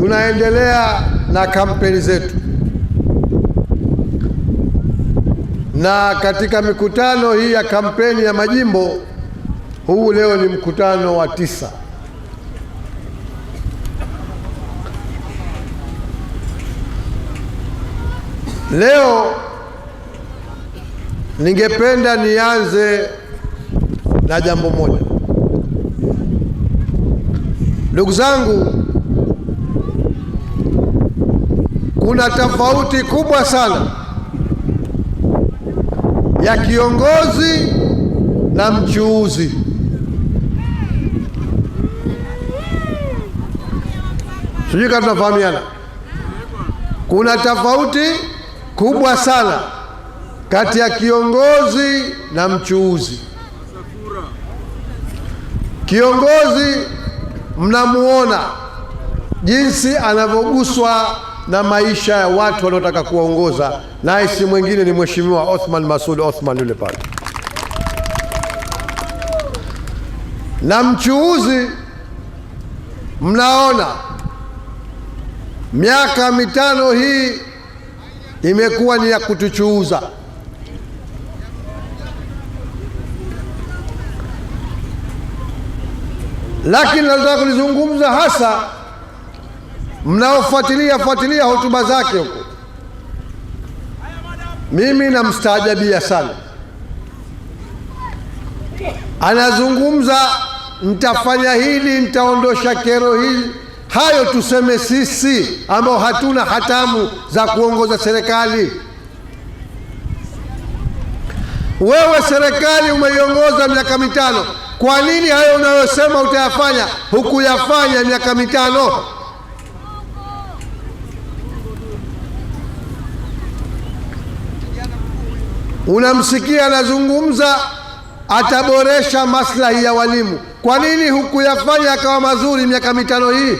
Tunaendelea na kampeni zetu, na katika mikutano hii ya kampeni ya majimbo, huu leo ni mkutano wa tisa. Leo ningependa nianze na jambo moja, ndugu zangu. kuna tofauti kubwa sana ya kiongozi na mchuuzi. Sijui kama tunafahamiana. Kuna tofauti kubwa sana kati ya kiongozi na mchuuzi. Kiongozi mnamuona jinsi anavyoguswa na maisha ya watu wanaotaka kuwaongoza, naye si mwingine ni Mheshimiwa Othman Masud Othman yule pale. Na mchuuzi, mnaona miaka mitano hii imekuwa ni ya kutuchuuza. Lakini nataka kulizungumza hasa mnaofuatilia fuatilia hotuba zake huko, mimi namstaajabia sana. Anazungumza ntafanya hili, ntaondosha kero hii. Hayo tuseme sisi ambao hatuna hatamu za kuongoza serikali. Wewe serikali umeiongoza miaka mitano, kwa nini hayo unayosema utayafanya hukuyafanya miaka mitano? Unamsikia anazungumza ataboresha maslahi ya walimu. Kwa nini hukuyafanya akawa mazuri miaka mitano hii?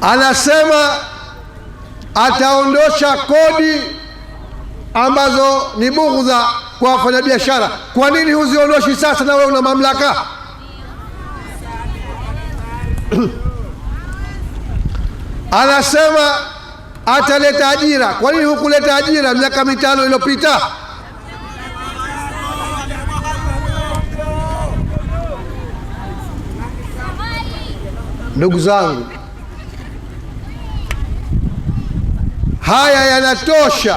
Anasema ataondosha kodi ambazo ni bughdha kwa wafanyabiashara. Kwa nini huziondoshi sasa na wewe una mamlaka? Anasema ataleta ajira. Kwa nini hukuleta ajira miaka mitano iliyopita? Ndugu zangu, haya yanatosha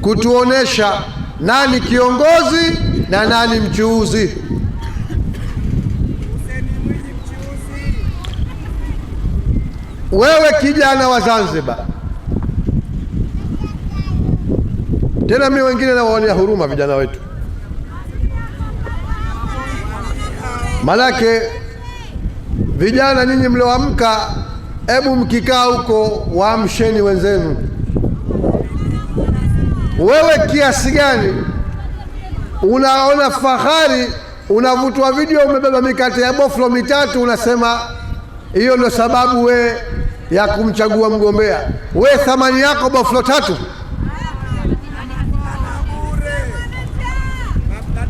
kutuonesha nani kiongozi na nani mchuuzi. Wewe kijana wa Zanzibar, tena mimi wengine nawaonea huruma vijana wetu, manake vijana nyinyi mlioamka, hebu mkikaa huko waamsheni wenzenu. Wewe kiasi gani unaona fahari, unavutwa video, umebeba mikate ya boflo mitatu, unasema hiyo ndio sababu we ya kumchagua mgombea. We thamani yako bafulo tatu,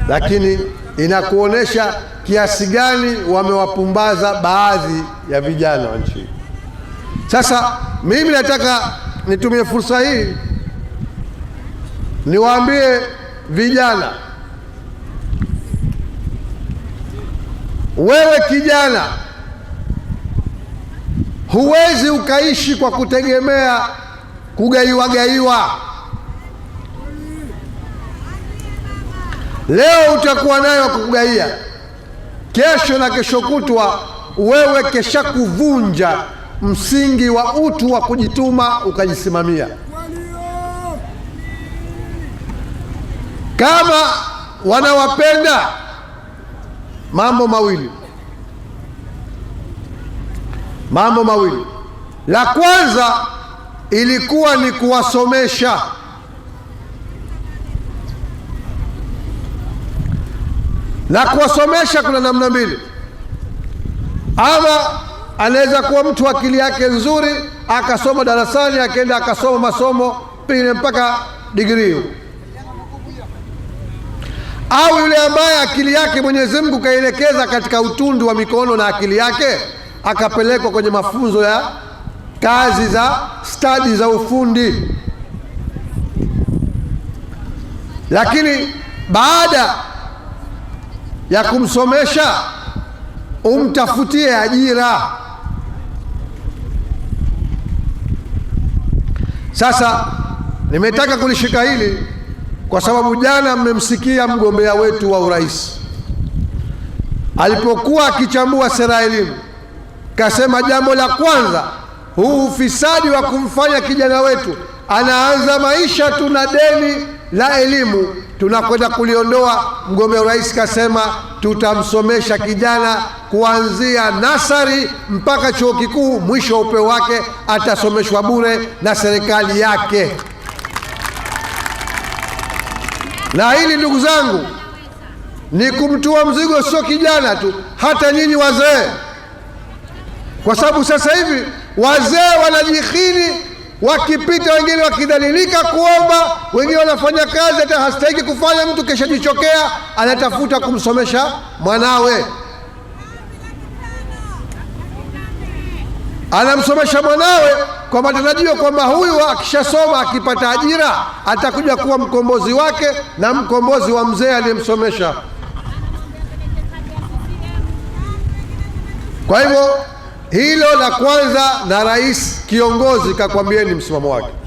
lakini inakuonesha kiasi gani wamewapumbaza baadhi ya vijana wa nchi. Sasa mimi nataka nitumie fursa hii niwaambie vijana, wewe kijana Huwezi ukaishi kwa kutegemea kugaiwagaiwa. Leo utakuwa nayo kukugaia, kesho na kesho kutwa wewe kesha kuvunja msingi wa utu wa kujituma ukajisimamia. Kama wanawapenda mambo mawili mambo mawili. La kwanza ilikuwa ni kuwasomesha na kuwasomesha kuna namna mbili. Ama anaweza kuwa mtu akili yake nzuri akasoma darasani akaenda akasoma masomo pengine mpaka digrii, au yule ambaye akili yake Mwenyezi Mungu kaelekeza katika utundu wa mikono na akili yake akapelekwa kwenye mafunzo ya kazi za stadi za ufundi, lakini baada ya kumsomesha umtafutie ajira. Sasa nimetaka kulishika hili kwa sababu jana mmemsikia mgombea wetu wa urais alipokuwa akichambua sera elimu Kasema jambo la kwanza, huu ufisadi wa kumfanya kijana wetu anaanza maisha tuna deni la elimu tunakwenda kuliondoa. Mgombea urais kasema tutamsomesha kijana kuanzia nasari mpaka chuo kikuu, mwisho wa upeo wake atasomeshwa bure na serikali yake. Na hili ndugu zangu, ni kumtua mzigo, sio kijana tu, hata nyinyi wazee kwa sababu sasa hivi wazee wanajihini, wakipita wengine wakidhalilika kuomba, wengine wanafanya kazi hata hastahiki kufanya, mtu keshajichokea, anatafuta kumsomesha mwanawe, anamsomesha mwanawe kwa matarajio kwamba huyu akishasoma akipata ajira atakuja kuwa mkombozi wake na mkombozi wa mzee aliyemsomesha. Kwa hivyo hilo la kwanza, na rais kiongozi kakwambieni msimamo wake.